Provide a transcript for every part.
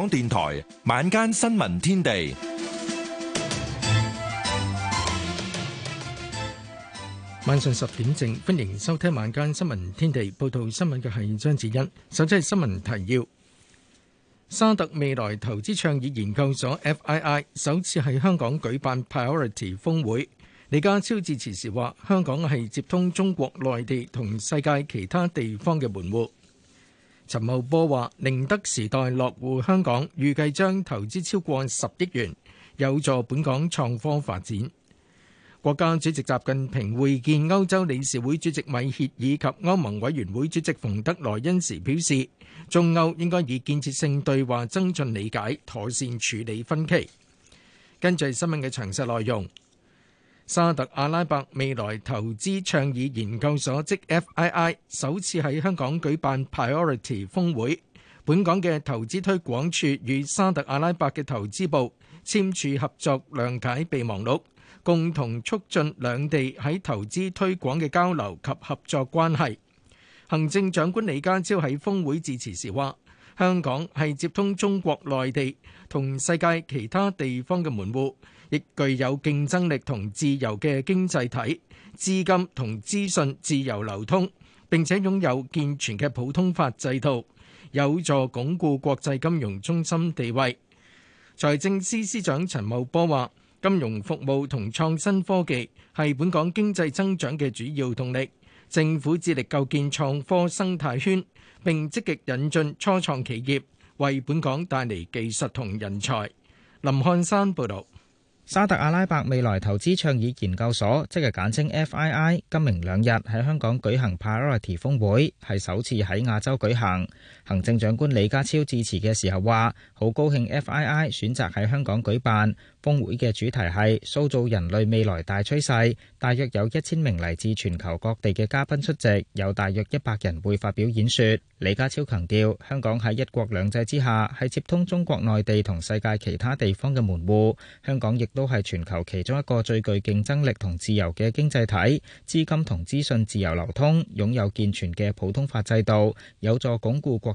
港電台晚間新聞天地，晚上十點正，歡迎收聽晚間新聞天地。報道新聞嘅係張子欣，首先係新聞提要。沙特未來投資倡議研究所 FII 首次喺香港舉辦 Priority 峰會，李家超致辭時話：香港係接通中國內地同世界其他地方嘅門戶。陳茂波話：寧德時代落戶香港，預計將投資超過十億元，有助本港創科發展。國家主席習近平會見歐洲理事會主席米歇爾及歐盟委員會主席馮德萊恩時表示，中歐應該以建設性對話增進理解，妥善處理分歧。跟住係新聞嘅詳細內容。沙特阿拉伯未來投資倡議研究所即 FII 首次喺香港舉辦 Priority 峰會。本港嘅投資推廣處與沙特阿拉伯嘅投資部簽署合作諒解備忘錄，共同促進兩地喺投資推廣嘅交流及合作關係。行政長官李家超喺峰會致辭時話：香港係接通中國內地同世界其他地方嘅門戶。亦具有競爭力同自由嘅經濟體，資金同資訊自由流通，並且擁有健全嘅普通法制度，有助鞏固國際金融中心地位。財政司司長陳茂波話：金融服務同創新科技係本港經濟增長嘅主要動力。政府致力構建創科生態圈，並積極引進初創企業，為本港帶嚟技術同人才。林漢山報導。沙特阿拉伯未來投資倡議研究所，即係簡稱 FII，今明兩日喺香港舉行 Priority 峰會，係首次喺亞洲舉行。行政長官李家超致辭嘅時候話，好高興 FII 選擇喺香港舉辦。峰會嘅主題係塑造人類未來大趨勢。大約有一千名嚟自全球各地嘅嘉賓出席，有大約一百人會發表演說。李家超強調，香港喺一國兩制之下，係接通中國內地同世界其他地方嘅門戶。香港亦都係全球其中一個最具競爭力同自由嘅經濟體，資金同資訊自由流通，擁有健全嘅普通法制度，有助鞏固國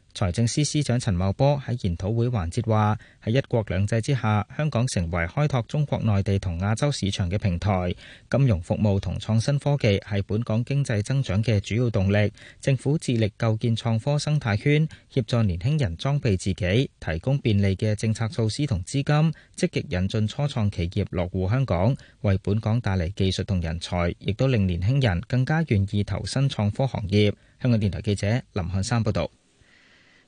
財政司司長陳茂波喺研討會環節話：喺一國兩制之下，香港成為開拓中國內地同亞洲市場嘅平台。金融服務同創新科技係本港經濟增長嘅主要動力。政府致力構建創科生態圈，協助年輕人裝備自己，提供便利嘅政策措施同資金，積極引進初創企業落戶香港，為本港帶嚟技術同人才，亦都令年輕人更加願意投身創科行業。香港電台記者林漢山報道。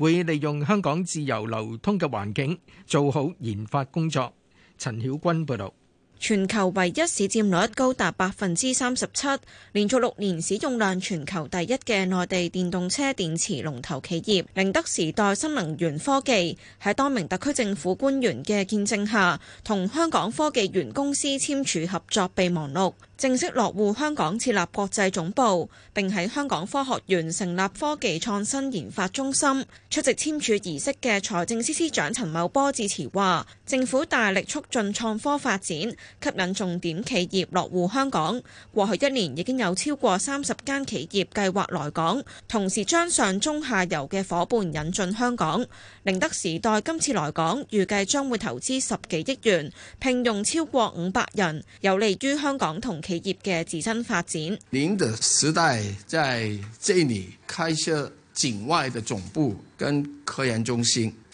會利用香港自由流通嘅環境做好研發工作。陳曉君報道，全球唯一市佔率高達百分之三十七，連續六年使用量全球第一嘅內地電動車電池龍頭企業寧德時代新能源科技，喺多名特區政府官員嘅見證下，同香港科技園公司簽署合作備忘錄。正式落戶香港，設立國際總部，並喺香港科學園成立科技創新研發中心。出席簽署儀式嘅財政司司長陳茂波致辭話，政府大力促進創科發展，吸引重點企業落戶香港。過去一年已經有超過三十間企業計劃來港，同時將上中下游嘅伙伴引進香港。寧德時代今次來港，預計將會投資十幾億元，聘用超過五百人，有利於香港同企業嘅自身發展。寧德時代在這裏開設境外嘅總部跟科研中心。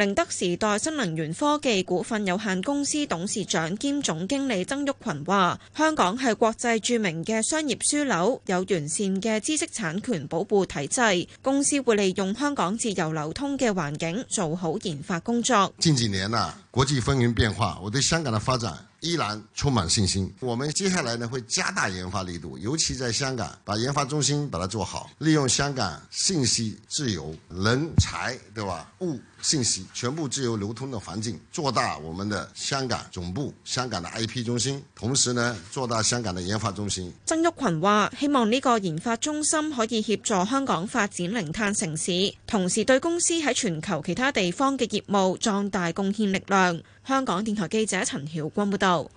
寧德時代新能源科技股份有限公司董事長兼總經理曾毓群話：香港係國際著名嘅商業樞紐，有完善嘅知識產權保護體制，公司會利用香港自由流通嘅環境做好研發工作。國際風雲變化，我對香港的發展依然充滿信心。我們接下來呢會加大研發力度，尤其在香港把研發中心把它做好，利用香港信息自由、人才對吧、物信息全部自由流通的環境，做大我們的香港總部、香港的 IP 中心，同時呢做大香港的研發中心。曾玉群話：希望呢個研發中心可以協助香港發展零碳城市，同時對公司喺全球其他地方嘅業務壯大貢獻力量。香港電台記者陳曉君報道，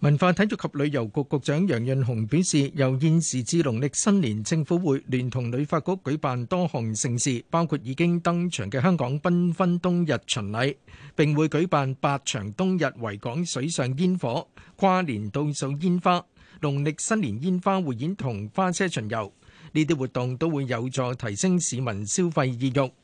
文化體育及旅遊局局長楊潤雄表示，由現時至農曆新年，政府會聯同旅發局舉辦多項盛事，包括已經登場嘅香港繽紛冬日巡禮，並會舉辦八場冬日維港水上煙火、跨年倒數煙花、農曆新年煙花匯演同花車巡遊，呢啲活動都會有助提升市民消費意欲。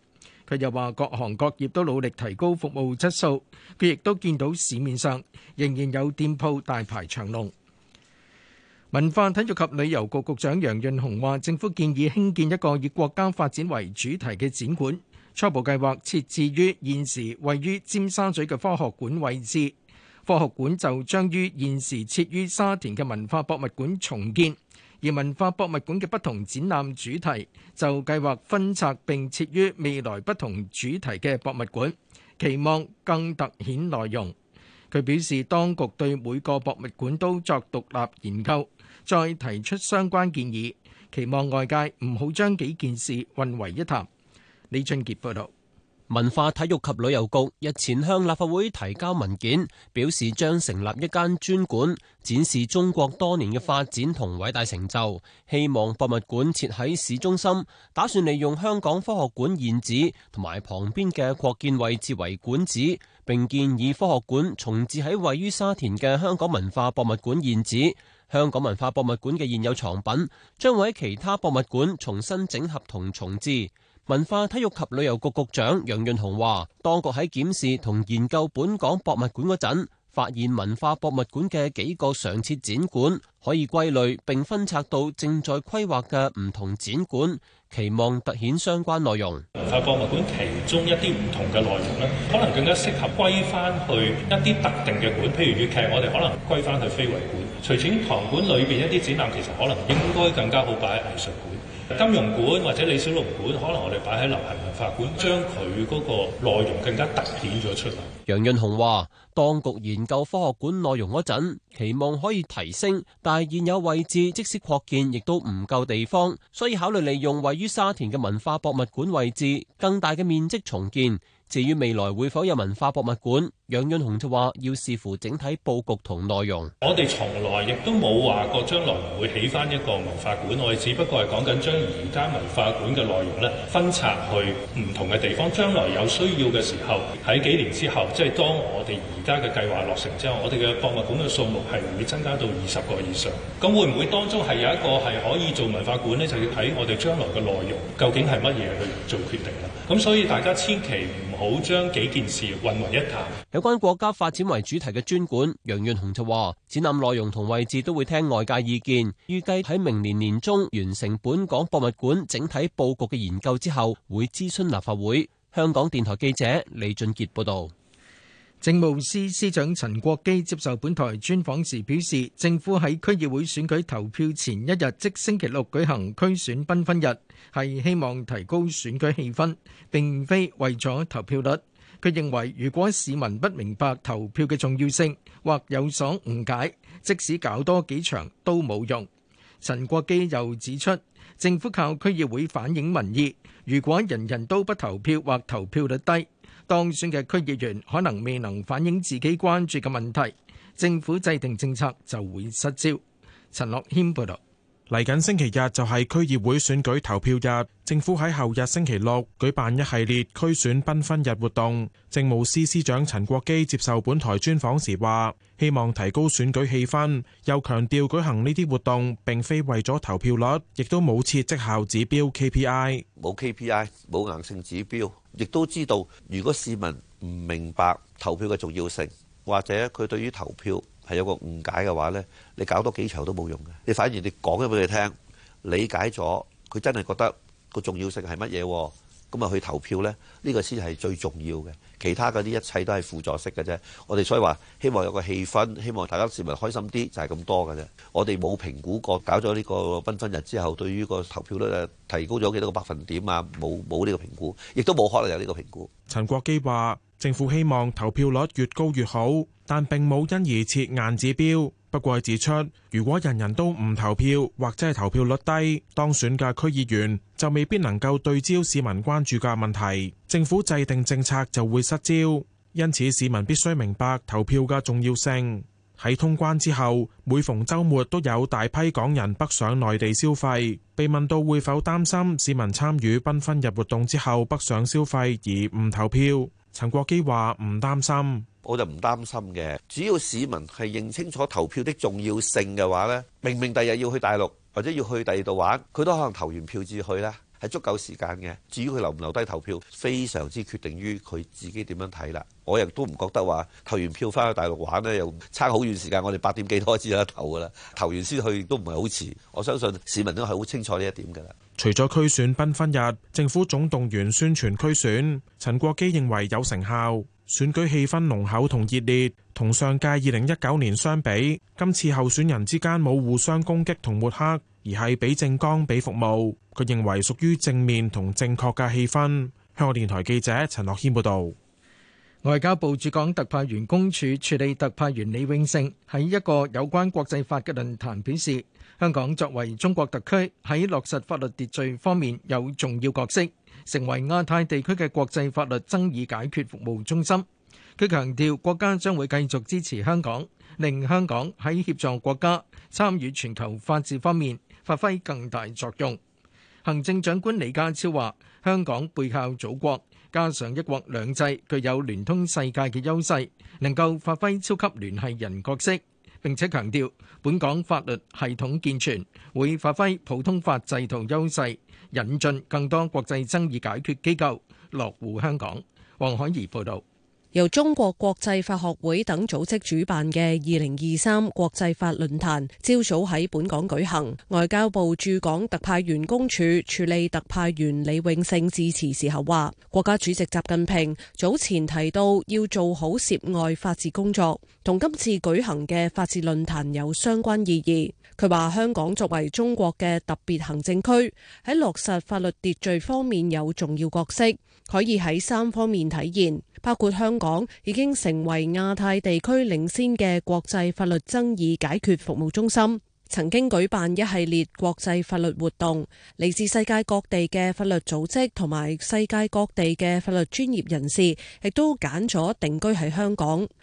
佢又話：各行各業都努力提高服務質素。佢亦都見到市面上仍然有店鋪大排長龍。文化體育及旅遊局局長楊潤雄話：政府建議興建一個以國家發展為主題嘅展館，初步計劃設置於現時位於尖沙咀嘅科學館位置。科學館就將於現時設於沙田嘅文化博物館重建。而文化博物館嘅不同展覽主題就計劃分拆並設於未來不同主題嘅博物館，期望更突顯內容。佢表示，當局對每個博物館都作獨立研究，再提出相關建議，期望外界唔好將幾件事混為一談。李俊傑報道。文化、體育及旅遊局日前向立法會提交文件，表示將成立一間專館，展示中國多年嘅發展同偉大成就。希望博物館設喺市中心，打算利用香港科學館現址同埋旁邊嘅擴建位置為館址。並建議科學館重置喺位於沙田嘅香港文化博物館現址。香港文化博物館嘅現有藏品將會喺其他博物館重新整合同重置。文化體育及旅遊局局長楊潤雄話，當局喺檢視同研究本港博物館嗰陣，發現文化博物館嘅幾個常設展館可以歸類並分拆到正在規劃嘅唔同展館，期望凸顯相關內容。文化博物館其中一啲唔同嘅內容咧，可能更加適合歸翻去一啲特定嘅館，譬如粵劇我哋可能歸翻去非遺館，徐展堂館裏邊一啲展覽其實可能應該更加好擺喺藝術館。金融館或者李小龍館，可能我哋擺喺流行文化館，將佢嗰個內容更加凸顯咗出嚟。楊潤雄話，當局研究科學館內容嗰陣，期望可以提升，但係現有位置即使擴建，亦都唔夠地方，所以考慮利用位於沙田嘅文化博物館位置，更大嘅面積重建。至於未來會否有文化博物館？楊潤雄就話：要視乎整體佈局同內容。我哋從來亦都冇話過將來唔會起翻一個文化館。我哋只不過係講緊將而家文化館嘅內容咧分拆去唔同嘅地方。將來有需要嘅時候，喺幾年之後，即係當我哋而家嘅計劃落成之後，我哋嘅博物館嘅數目係會增加到二十個以上。咁會唔會當中係有一個係可以做文化館咧？就要睇我哋將來嘅內容究竟係乜嘢去做決定啦。咁所以大家千祈唔好將幾件事混為一談。關國家發展為主題嘅專館，楊潤雄就話：展覽內容同位置都會聽外界意見，預計喺明年年中完成本港博物館整體布局嘅研究之後，會諮詢立法會。香港電台記者李俊杰報道。政務司司長陳國基接受本台專訪時表示，政府喺區議會選舉投票前一日，即星期六舉行區選繽紛日，係希望提高選舉氣氛，並非為咗投票率。佢認為，如果市民不明白投票嘅重要性或有所誤解，即使搞多幾場都冇用。陳國基又指出，政府靠區議會反映民意，如果人人都不投票或投票率低，當選嘅區議員可能未能反映自己關注嘅問題，政府制定政策就會失焦。陳樂軒報道。嚟緊星期日就係區議會選舉投票日，政府喺後日星期六舉辦一系列區選繽紛日活動。政務司司長陳國基接受本台專訪時話，希望提高選舉氣氛，又強調舉行呢啲活動並非為咗投票率，亦都冇設績效指標 KPI，冇 KPI，冇硬性指標，亦都知道如果市民唔明白投票嘅重要性，或者佢對於投票係有個誤解嘅話咧，你搞多幾場都冇用嘅。你反而你講咗俾佢聽，理解咗佢真係覺得個重要性係乜嘢，咁啊去投票咧，呢個先係最重要嘅。其他嗰啲一切都係輔助式嘅啫。我哋所以話希望有個氣氛，希望大家市民開心啲，就係咁多嘅啫。我哋冇評估過搞咗呢個繽紛日之後，對於個投票率提高咗幾多個百分點啊？冇，冇呢個評估，亦都冇可能有呢個評估。陳國基話。政府希望投票率越高越好，但並冇因而設硬指標。不過指出，如果人人都唔投票，或者係投票率低，當選嘅區議員就未必能夠對焦市民關注嘅問題，政府制定政策就會失焦。因此，市民必須明白投票嘅重要性。喺通關之後，每逢周末都有大批港人北上內地消費。被問到會否擔心市民參與繽紛日活動之後北上消費而唔投票？陳國基話：唔擔心，我就唔擔心嘅。只要市民係認清楚投票的重要性嘅話呢，明明第日要去大陸或者要去第二度玩，佢都可能投完票至去啦。係足夠時間嘅，至於佢留唔留低投票，非常之決定於佢自己點樣睇啦。我亦都唔覺得話投完票翻去大陸玩呢，又唔差好遠時間。我哋八點幾開始有得投㗎啦，投完先去都唔係好遲。我相信市民都係好清楚呢一點㗎啦。除咗區選繽紛日，政府總動員宣傳區選，陳國基認為有成效，選舉氣氛濃厚同熱烈，同上屆二零一九年相比，今次候選人之間冇互相攻擊同抹黑。而係俾正剛俾服務，佢認為屬於正面同正確嘅氣氛。香港電台記者陳樂謙報道。外交部駐港特派員公署署理特派員李永勝喺一個有關國際法嘅論壇表示，香港作為中國特區喺落實法律秩序方面有重要角色，成為亞太地區嘅國際法律爭議解決服務中心。佢強調國家將會繼續支持香港，令香港喺協助國家參與全球法治方面發揮更大作用。行政長官李家超話：香港背靠祖國，加上一國兩制，具有聯通世界嘅優勢，能夠發揮超級聯繫人角色。並且強調，本港法律系統健全，會發揮普通法制度優勢，引進更多國際爭議解決機構落戶香港。黃海怡報導。由中國國際法學會等組織主辦嘅二零二三國際法論壇，朝早喺本港舉行。外交部駐港特派員公署助理特派員李永勝致辭時候話，國家主席習近平早前提到要做好涉外法治工作，同今次舉行嘅法治論壇有相關意義。佢話：香港作為中國嘅特別行政區，喺落實法律秩序方面有重要角色，可以喺三方面體現，包括香港已經成為亞太地區領先嘅國際法律爭議解決服務中心，曾經舉辦一系列國際法律活動，嚟自世界各地嘅法律組織同埋世界各地嘅法律專業人士，亦都揀咗定居喺香港。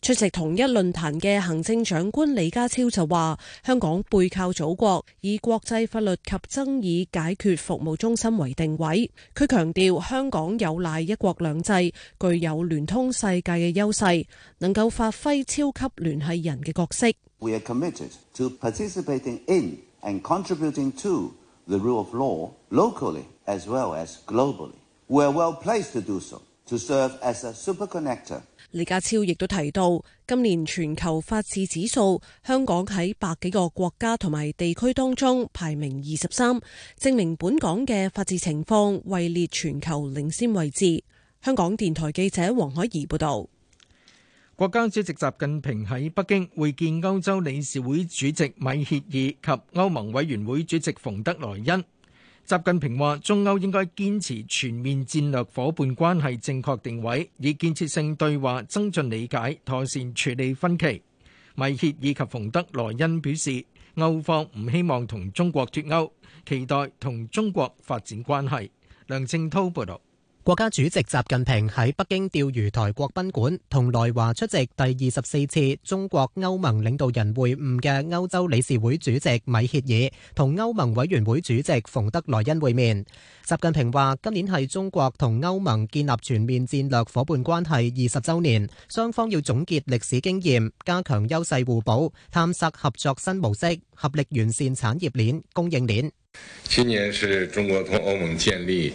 出席同一論壇嘅行政長官李家超就話，香港背靠祖國，以國際法律及爭議解決服務中心為定位。佢強調香港有賴一國兩制，具有聯通世界嘅優勢，能夠發揮超級聯繫人嘅角色。李家超亦都提到，今年全球法治指數，香港喺百幾個國家同埋地區當中排名二十三，證明本港嘅法治情況位列全球領先位置。香港電台記者黃海怡報道，國家主席習近平喺北京會見歐洲理事會主席米歇爾及歐盟委員會主席馮德萊恩。習近平話：中歐應該堅持全面戰略夥伴關係正確定位，以建設性對話增進理解、妥善處理分歧。米歇爾以及馮德萊恩表示，歐方唔希望同中國脱鉤，期待同中國發展關係。梁正滔報導。國家主席習近平喺北京釣魚台國賓館同來華出席第二十四次中國歐盟領導人會晤嘅歐洲理事會主席米歇爾同歐盟委員會主席馮德萊恩會面。習近平話：今年係中國同歐盟建立全面戰略夥伴關係二十周年，雙方要總結歷史經驗，加強優勢互補，探索合作新模式，合力完善產業鏈、供應鏈。今年是中國同歐盟建立。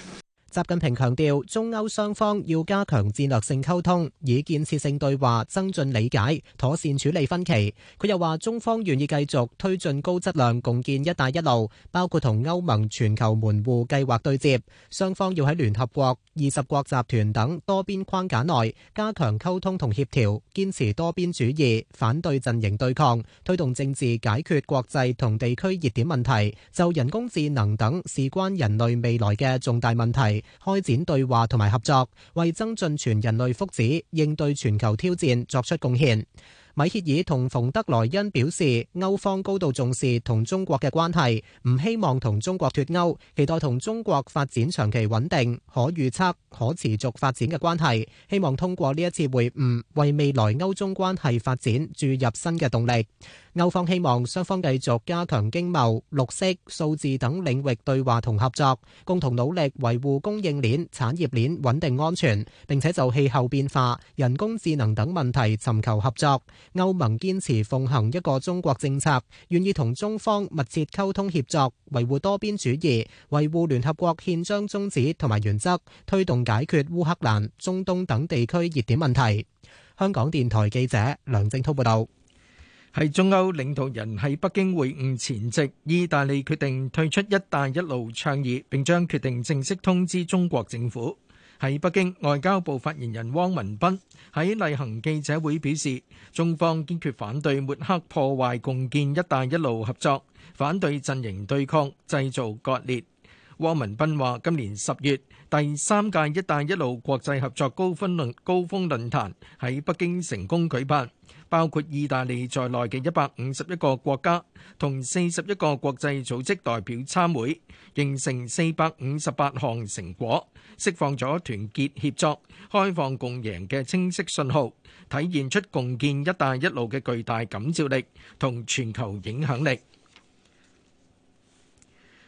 習近平強調，中歐雙方要加強戰略性溝通，以建設性對話增進理解，妥善處理分歧。佢又話，中方願意繼續推進高質量共建“一帶一路”，包括同歐盟全球門戶計劃對接。雙方要喺聯合國、二十國集團等多邊框架內加強溝通同協調，堅持多邊主義，反對陣營對抗，推動政治解決國際同地區熱點問題，就人工智能等事關人類未來嘅重大問題。開展對話同埋合作，為增進全人類福祉、應對全球挑戰作出貢獻。米歇爾同馮德萊恩表示，歐方高度重視同中國嘅關係，唔希望同中國脱歐，期待同中國發展長期穩定、可預測、可持續發展嘅關係。希望通過呢一次會晤，為未來歐中關係發展注入新嘅動力。歐方希望雙方繼續加強經貿、綠色、數字等領域對話同合作，共同努力維護供應鏈、產業鏈穩定安全。並且就氣候變化、人工智能等問題尋求合作。歐盟堅持奉行一個中國政策，願意同中方密切溝通協作，維護多邊主義，維護聯合國憲章宗旨同埋原則，推動解決烏克蘭、中東等地區熱點問題。香港電台記者梁正濤報道。喺中歐領導人喺北京會晤前夕，意大利決定退出「一帶一路」倡議，並將決定正式通知中國政府。喺北京，外交部發言人汪文斌喺例行記者會表示，中方堅決反對抹黑破壞共建「一帶一路」合作，反對陣營對抗、製造割裂。汪文斌話：今年十月，第三屆“一帶一路”國際合作高分論高峰論壇喺北京成功舉辦，包括意大利在內嘅一百五十一個國家同四十一個國際組織代表參會，形成四百五十八項成果，釋放咗團結協作、開放共贏嘅清晰信號，體現出共建“一帶一路”嘅巨大感召力同全球影響力。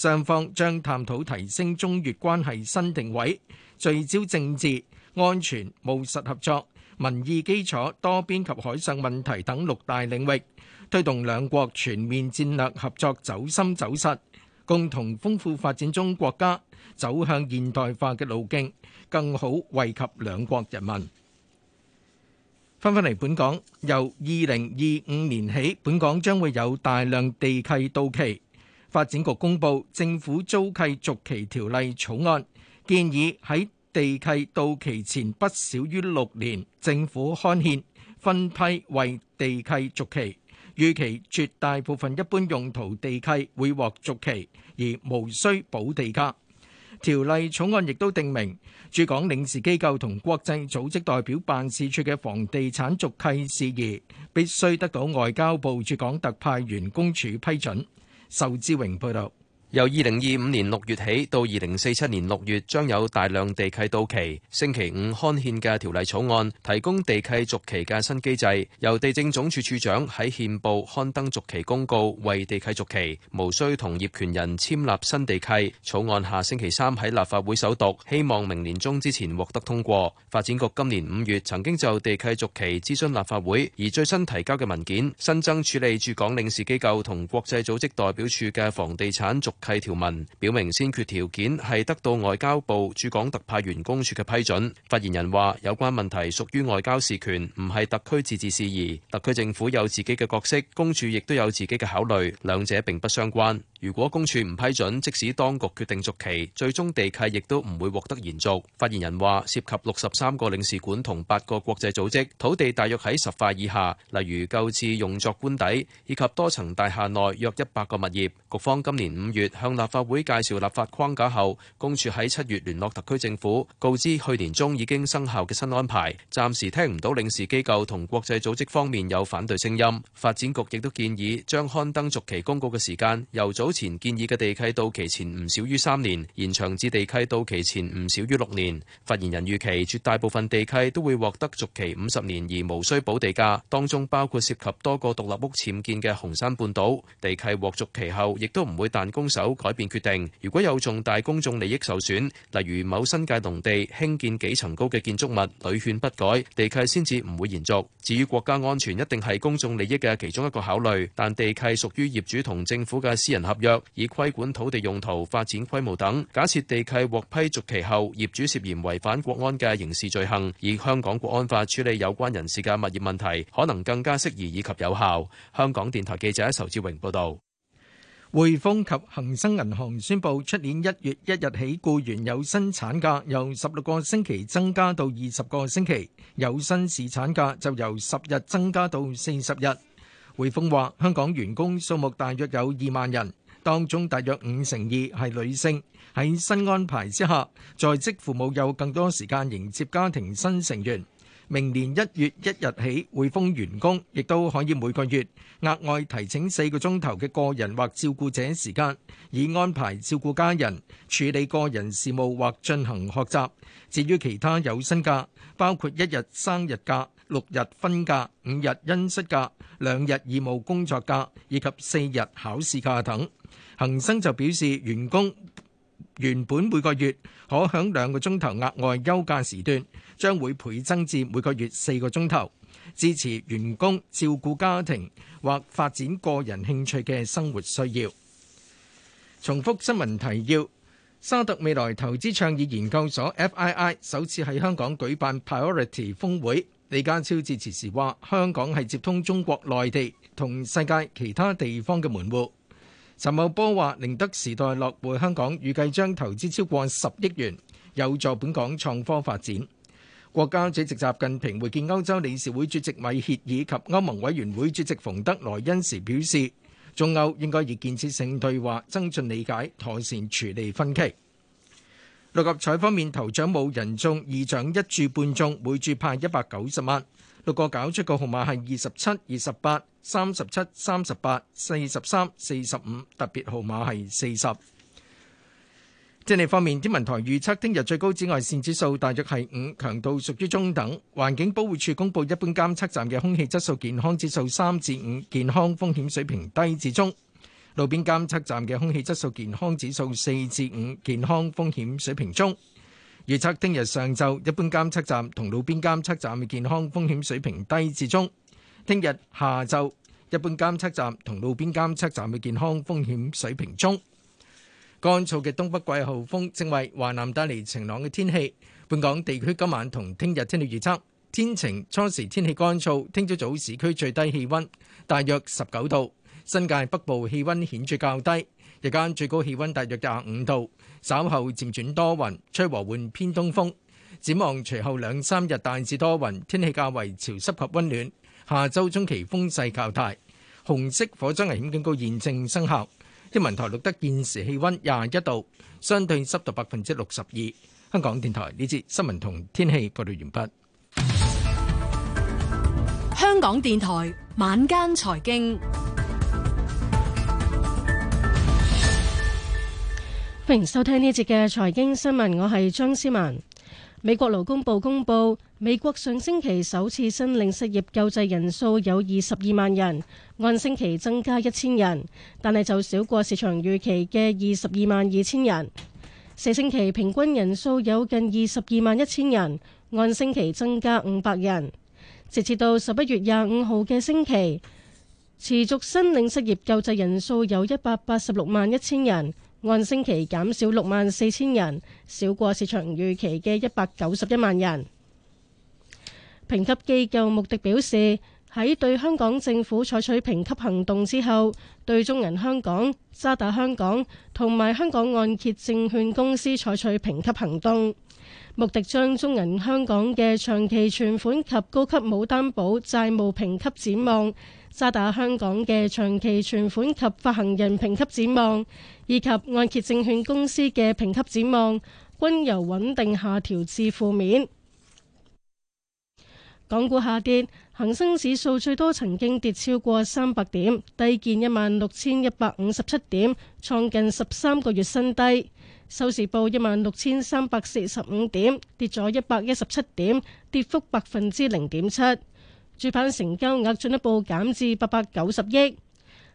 雙方將探討提升中越關係新定位，聚焦政治、安全、務實合作、民意基礎、多邊及海上問題等六大領域，推動兩國全面戰略合作走深走實，共同豐富發展中國家走向現代化嘅路徑，更好惠及兩國人民。翻返嚟本港，由二零二五年起，本港將會有大量地契到期。發展局公布政府租契續期條例草案，建議喺地契到期前不少於六年，政府刊憲分批為地契續期。預期絕大部分一般用途地契會獲續期，而無需補地價。條例草案亦都定明，駐港領事機構同國際組織代表辦事處嘅房地產續契事宜，必須得到外交部駐港特派員公署批准。仇志榮報道。由二零二五年六月起到二零四七年六月，將有大量地契到期。星期五刊憲嘅條例草案提供地契續期嘅新機制，由地政總署署長喺憲報刊登續期公告，為地契續期，無需同業權人簽立新地契。草案下星期三喺立法會首讀，希望明年中之前獲得通過。發展局今年五月曾經就地契續期諮詢立法會，而最新提交嘅文件新增處理駐港領事機構同國際組織代表處嘅房地產續期。契條文表明，先決條件係得到外交部駐港特派員公署嘅批准。發言人話：有關問題屬於外交事權，唔係特區自治事宜。特區政府有自己嘅角色，公署亦都有自己嘅考慮，兩者並不相關。如果公署唔批准，即使當局決定續期，最終地契亦都唔會獲得延續。發言人話：涉及六十三個領事館同八個國際組織，土地大約喺十塊以下，例如購置用作官邸以及多層大廈內約一百個物業。局方今年五月向立法會介紹立法框架後，公署喺七月聯絡特區政府，告知去年中已經生效嘅新安排。暫時聽唔到領事機構同國際組織方面有反對聲音。發展局亦都建議將刊登續期公告嘅時間由早。目前建議嘅地契到期前唔少於三年，延長至地契到期前唔少於六年。發言人預期絕大部分地契都會獲得續期五十年，而無需補地價。當中包括涉及多個獨立屋僭建嘅紅山半島。地契獲續期後，亦都唔會彈弓手改變決定。如果有重大公眾利益受損，例如某新界農地興建幾層高嘅建築物，屢勸不改，地契先至唔會延續。至於國家安全一定係公眾利益嘅其中一個考慮，但地契屬於業主同政府嘅私人合。若以規管土地用途、發展規模等。假設地契獲批續期後，業主涉嫌違反國安嘅刑事罪行，以香港國安法處理有關人士嘅物業問題，可能更加適宜以及有效。香港電台記者仇志榮報道。匯豐及恒生銀行宣布，出年一月一日起，僱員有薪產假，由十六個星期增加到二十個星期；有薪侍產假就由十日增加到四十日。匯豐話，香港員工數目大約有二萬人。當中大約五成二係女性，喺新安排之下，在職父母有更多時間迎接家庭新成員。明年一月一日起，匯豐員工亦都可以每個月額外提請四個鐘頭嘅個人或照顧者時間，以安排照顧家人、處理個人事務或進行學習。至於其他有薪假，包括一日生日假、六日婚假、五日恩恤假、兩日義務工作假以及四日考試假等。恒生就表示，員工原本每個月可享兩個鐘頭額外休假時段，將會倍增至每個月四個鐘頭，支持員工照顧家庭或發展個人興趣嘅生活需要。重複新聞提要：沙特未來投資倡議研究所 （FII） 首次喺香港舉辦 Priority 峰會。李家超致辭時話，香港係接通中國內地同世界其他地方嘅門戶。陳茂波話：寧德時代落戶香港，預計將投資超過十億元，有助本港創科發展。國家主席習近平會見歐洲理事會主席米歇爾及歐盟委員會主席馮德萊恩時表示，中歐應該以建設性對話增進理解，妥善處理分歧。六合彩方面，頭獎冇人中，二獎一注半中，每注派一百九十萬。六個搞出嘅號碼係二十七、二十八、三十七、三十八、四十三、四十五，特別號碼係四十。天氣方面，預測天文台預測聽日最高紫外線指數大約係五，強度屬於中等。環境保護署公布一般監測站嘅空氣質素健康指數三至五，健康風險水平低至中；路邊監測站嘅空氣質素健康指數四至五，健康風險水平中。預測聽日上晝一般監測站同路邊監測站嘅健康風險水平低至中。聽日下晝一般監測站同路邊監測站嘅健康風險水平中。乾燥嘅東北季候風正為華南帶嚟晴朗嘅天氣，本港地區今晚同聽日天氣預測天晴，初時天氣乾燥。聽朝早市區最低氣温大約十九度，新界北部氣温顯著較低。日間最高氣溫大約廿五度，稍後漸轉多雲，吹和緩偏東風。展望隨後兩三日大致多雲，天氣較為潮濕及溫暖。下周中期風勢較大，紅色火災危險警告現正生效。天文台錄得現時氣溫廿一度，相對濕度百分之六十二。香港電台呢節新聞同天氣報道完畢。香港電台晚間財經。歡迎收聽呢節嘅財經新聞，我係張思文。美國勞工部公佈，美國上星期首次申領失業救濟人數有二十二萬人，按星期增加一千人，但係就少過市場預期嘅二十二萬二千人。四星期平均人數有近二十二萬一千人，按星期增加五百人。直至到十一月廿五號嘅星期，持續申領失業救濟人數有一百八十六萬一千人。按星期減少六萬四千人，少過市場預期嘅一百九十一萬人。評級機構穆迪表示，喺對香港政府採取評級行動之後，對中銀香港、渣打香港同埋香港按揭證券公司採取評級行動。穆迪將中銀香港嘅長期存款及高級無擔保債務評級展望，渣打香港嘅長期存款及發行人評級展望，以及按揭證券公司嘅評級展望，均由穩定下調至負面。港股下跌，恒生指數最多曾經跌超過三百點，低見一萬六千一百五十七點，創近十三個月新低。收市報一萬六千三百四十五點，跌咗一百一十七點，跌幅百分之零點七。主板成交額進一步減至八百九十億，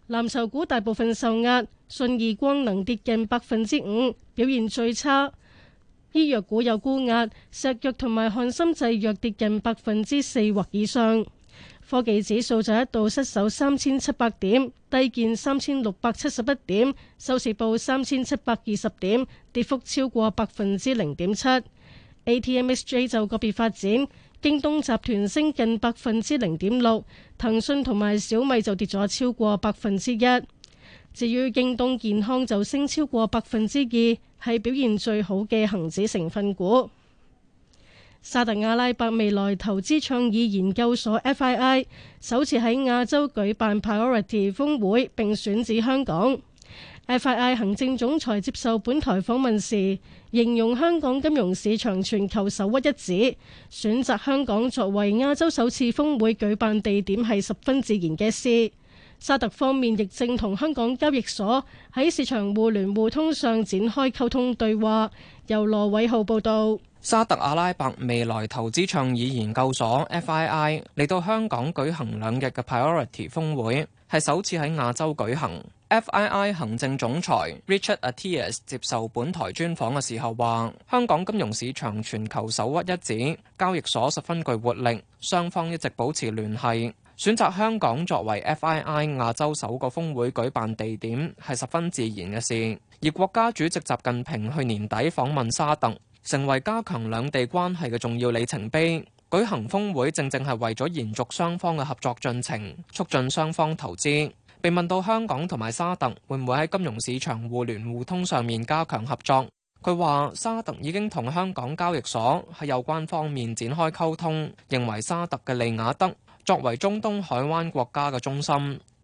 藍籌股大部分受壓，信義光能跌近百分之五，表現最差。醫藥股有沽壓，石藥同埋翰森製藥跌近百分之四或以上。科技指數就一度失守三千七百點，低見三千六百七十一點，收市報三千七百二十點，跌幅超過百分之零點七。ATMXJ 就個別發展。京東集團升近百分之零點六，騰訊同埋小米就跌咗超過百分之一。至於京東健康就升超過百分之二，係表現最好嘅恒指成分股。沙特阿拉伯未來投資倡議研究所 FII 首次喺亞洲舉辦 Priority 峰會，並選址香港。FII 行政總裁接受本台訪問時，形容香港金融市場全球首屈一指，選擇香港作為亞洲首次峰會舉辦地點係十分自然嘅事。沙特方面亦正同香港交易所喺市場互聯互通上展開溝通對話。由羅偉浩報道。沙特阿拉伯未來投資倡議研究所 （FII） 嚟到香港舉行兩日嘅 Priority 峰會，係首次喺亞洲舉行。FII 行政總裁 Richard Attias 接受本台專訪嘅時候話，香港金融市場全球首屈一指，交易所十分具活力，雙方一直保持聯繫，選擇香港作為 FII 亞洲首個峰會舉辦地點，係十分自然嘅事。而國家主席習近平去年底訪問沙特。成為加強兩地關係嘅重要里程碑。舉行峰會正正係為咗延續雙方嘅合作進程，促進雙方投資。被問到香港同埋沙特會唔會喺金融市場互聯互通上面加強合作，佢話沙特已經同香港交易所喺有關方面展開溝通，認為沙特嘅利雅得作為中東海灣國家嘅中心。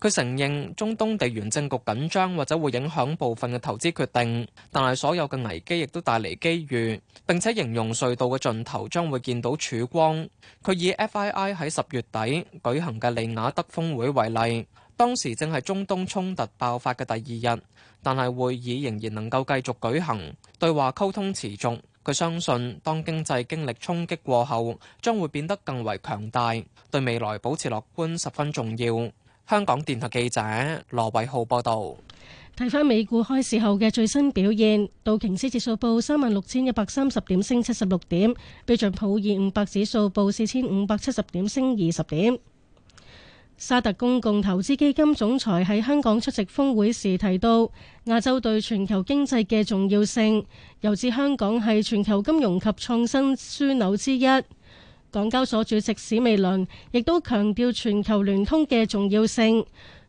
佢承認中東地緣政局緊張，或者會影響部分嘅投資決定，但係所有嘅危機亦都帶嚟機遇。並且形容隧道嘅盡頭將會見到曙光。佢以 FII 喺十月底舉行嘅利雅德峰會為例，當時正係中東衝突爆發嘅第二日，但係會議仍然能夠繼續舉行，對話溝通持續。佢相信當經濟經歷衝擊過後，將會變得更為強大，對未來保持樂觀十分重要。香港電台記者羅偉浩報道。睇翻，美股開市後嘅最新表現，道瓊斯指數報三萬六千一百三十點，點升七十六點，標準普爾五百指數報四千五百七十點，升二十點。沙特公共投資基金總裁喺香港出席峰會時提到，亞洲對全球經濟嘅重要性，又指香港係全球金融及創新樞紐之一。港交所主席史美倫亦都強調全球聯通嘅重要性，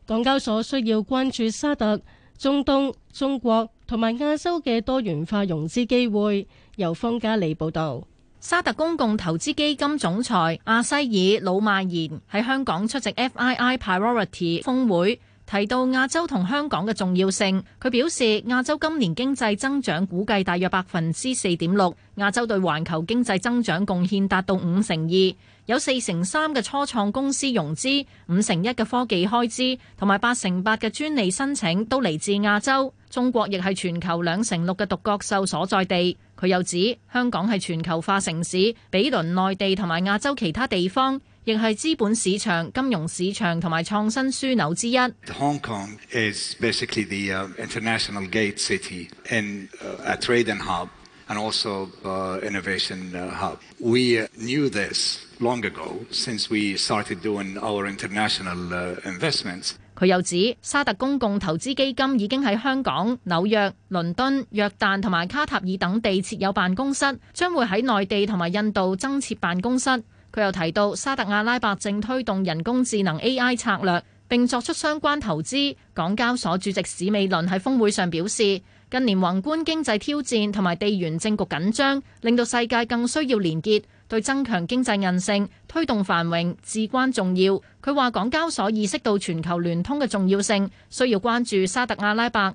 港交所需要關注沙特、中東、中國同埋亞洲嘅多元化融資機會。由方嘉利報道，沙特公共投資基金總裁阿西爾·魯曼賢喺香港出席 FII Priority 峰會。提到亞洲同香港嘅重要性，佢表示亞洲今年經濟增長估計大約百分之四點六，亞洲對環球經濟增長貢獻達到五成二，有四成三嘅初創公司融資、五成一嘅科技開支同埋八成八嘅專利申請都嚟自亞洲。中國亦係全球兩成六嘅獨角獸所在地。佢又指香港係全球化城市，比鄰內地同埋亞洲其他地方。亦係資本市場、金融市場同埋創新樞紐之一。Hong Kong is basically the international gate city and a trade hub and also innovation hub. We knew this long ago since we started doing our international investments。佢又指，沙特公共投資基金已經喺香港、紐約、倫敦、約旦同埋卡塔爾等地設有辦公室，將會喺內地同埋印度增設辦公室。佢又提到沙特阿拉伯正推動人工智能 AI 策略，並作出相關投資。港交所主席史美倫喺峰會上表示，近年宏觀經濟挑戰同埋地緣政局緊張，令到世界更需要連結，對增強經濟韌性、推動繁榮至關重要。佢話港交所意識到全球聯通嘅重要性，需要關注沙特阿拉伯。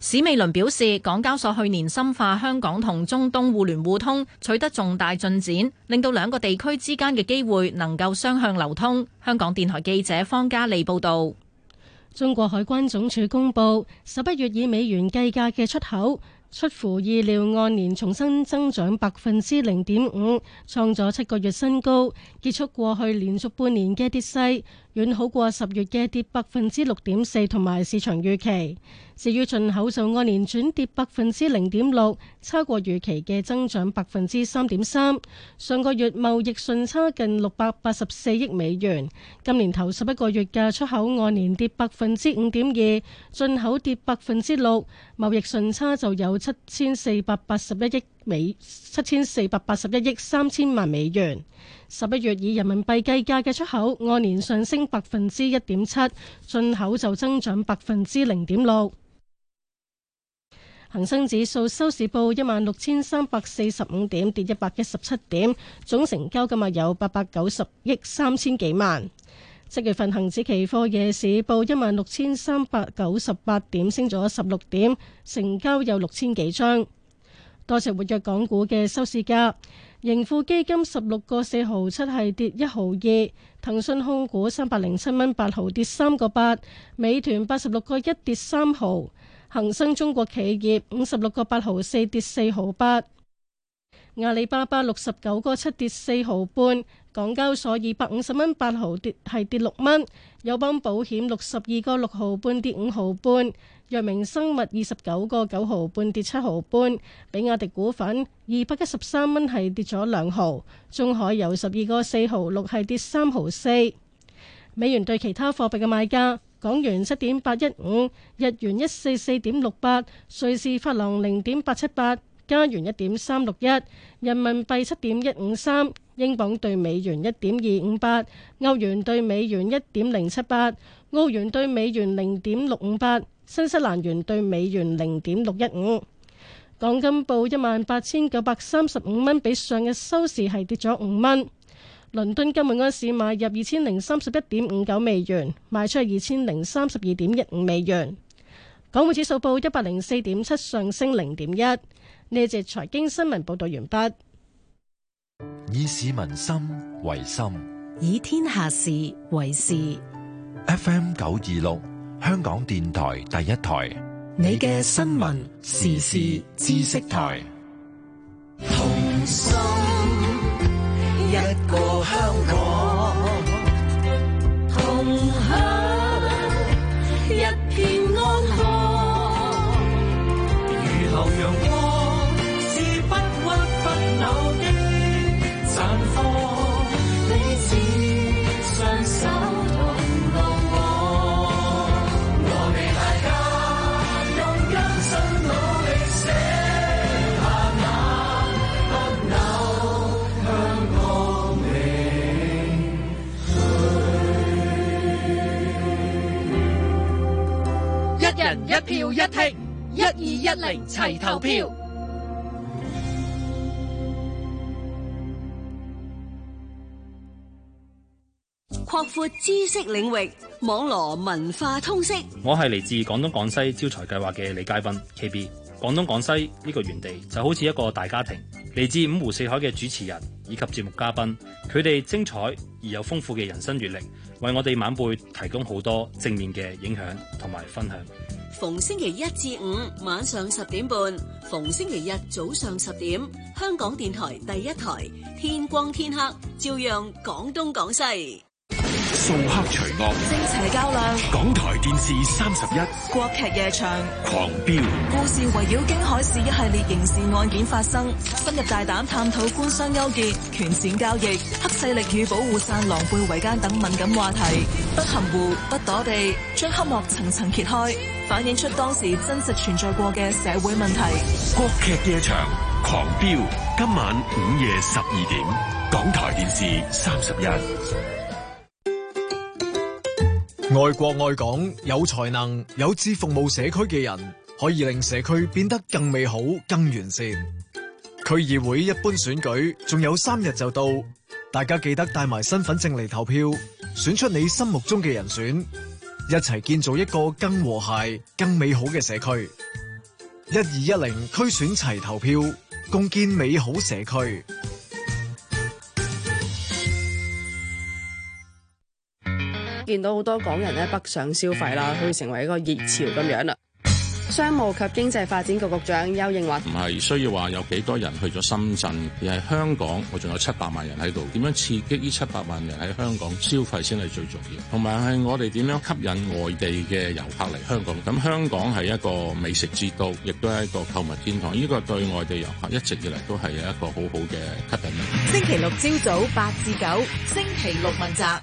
史美倫表示，港交所去年深化香港同中東互聯互通，取得重大進展，令到兩個地區之間嘅機會能夠雙向流通。香港電台記者方嘉利報導。中國海關總署公佈，十一月以美元計價嘅出口出乎意料按年重新增長百分之零點五，創咗七個月新高，結束過去連續半年嘅跌勢。遠好過十月嘅跌百分之六點四，同埋市場預期。至於進口就按年轉跌百分之零點六，差過預期嘅增長百分之三點三。上個月貿易順差近六百八十四億美元。今年頭十一個月嘅出口按年跌百分之五點二，進口跌百分之六，貿易順差就有七千四百八十一億。美七千四百八十一億三千萬美元，十一月以人民幣計價嘅出口按年上升百分之一點七，進口就增長百分之零點六。恒生指數收市報一萬六千三百四十五點，跌一百一十七點，總成交今日有八百九十億三千幾萬。七月份恒指期貨夜市報一萬六千三百九十八點，升咗十六點，成交有六千幾張。多隻活躍港股嘅收市價，盈富基金十六個四毫七係跌一毫二，騰訊控股三百零七蚊八毫跌三個八，美團八十六個一跌三毫，恒生中國企業五十六個八毫四跌四毫八。阿里巴巴六十九個七跌四毫半，港交所二百五十蚊八毫跌係跌六蚊，友邦保險六十二個六毫半跌五毫半，藥明生物二十九個九毫半跌七毫半，比亞迪股份二百一十三蚊係跌咗兩毫，中海油十二個四毫六係跌三毫四，美元對其他貨幣嘅賣價，港元七點八一五，日元一四四點六八，瑞士法郎零點八七八。mo ativa man 加元一點三六一，1. 1, 人民幣七點一五三，英鎊兌美元一點二五八，歐元兌美元一點零七八，澳元兌美元零點六五八，新西蘭元兌美元零點六一五。港金報一萬八千九百三十五蚊，比上日收市係跌咗五蚊。倫敦金每安士買入二千零三十一點五九美元，賣出二千零三十二點一五美元。港匯指數報一百零四點七，上升零點一。呢隻財經新聞報道完畢，以市民心為心，以天下事為事。F. M. 九二六香港電台第一台，你嘅新聞，新聞時事知識台，同心一個香港。一票一剔，一二一零齊投票，擴闊知識領域，網羅文化通識。我係嚟自廣東廣西招財計劃嘅李佳斌，K B。廣東廣西呢個原地就好似一個大家庭，嚟自五湖四海嘅主持人以及節目嘉賓，佢哋精彩而有豐富嘅人生閱歷，為我哋晚輩提供好多正面嘅影響同埋分享。逢星期一至五晚上十點半，逢星期日早上十點，香港電台第一台天光天黑，照樣廣東廣西。掃黑除惡，正邪較量，港台電視三十一，國劇夜場狂飆。故事圍繞京海市一系列刑事案件發生，深入大膽探討官商勾結、權錢交易、黑勢力與保護傘狼狽為奸等敏感話題，不含糊、不躲避，將黑幕層層揭開，反映出當時真實存在過嘅社會問題。國劇夜場狂飆，今晚午夜十二點，港台電視三十一。愛國愛港，有才能、有志服務社區嘅人，可以令社區變得更美好、更完善。區議會一般選舉仲有三日就到，大家記得帶埋身份證嚟投票，選出你心目中嘅人選，一齊建造一個更和諧、更美好嘅社區。一二一零區選齊投票，共建美好社區。見到好多港人咧北上消費啦，佢成為一個熱潮咁樣啦。商務及經濟發展局局長邱應華唔係需要話有幾多人去咗深圳，而係香港，我仲有七百萬人喺度。點樣刺激呢七百萬人喺香港消費先係最重要。同埋係我哋點樣吸引外地嘅遊客嚟香港？咁香港係一個美食之都，亦都係一個購物天堂。呢個對外地遊客一直以嚟都係有一個好好嘅吸引。星期六朝早八至九，星期六問責。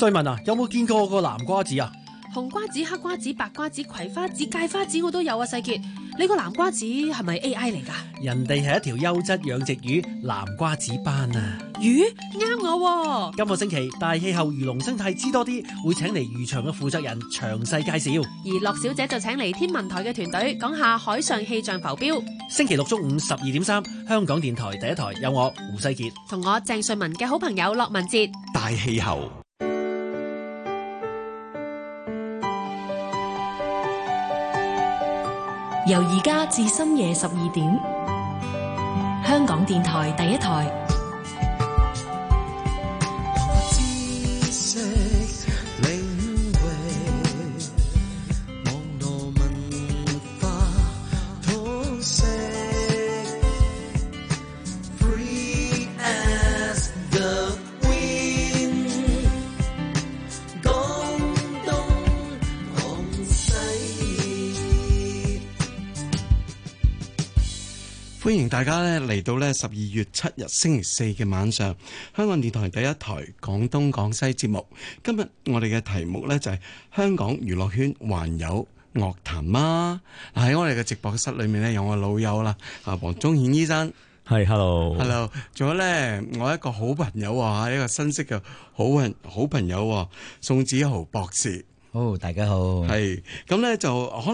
瑞文啊，有冇見過個南瓜子啊？紅瓜子、黑瓜子、白瓜子、葵花籽、芥花籽，花子我都有啊。細杰，你個南瓜子係咪 AI 嚟噶？人哋係一條優質養殖魚，南瓜子斑啊！魚啱我、啊。今個星期大氣候魚龍生態知多啲，會請嚟漁場嘅負責人詳細介紹。而樂小姐就請嚟天文台嘅團隊講下海上氣象浮標。星期六中午十二點三，3，香港電台第一台有我胡世杰同我鄭瑞文嘅好朋友樂文哲大氣候。由而家至深夜十二點，香港電台第一台。大家咧嚟到咧十二月七日星期四嘅晚上，香港電台第一台廣東廣西節目。今日我哋嘅題目呢、就是，就係香港娛樂圈還有樂壇嗎？喺我哋嘅直播室裏面呢，有我老友啦，啊黃宗憲醫生係，hello，hello。仲 Hello. Hello, 有呢，我一個好朋友啊，一個新識嘅好朋好朋友宋子豪博士，好，oh, 大家好，係咁呢，就可。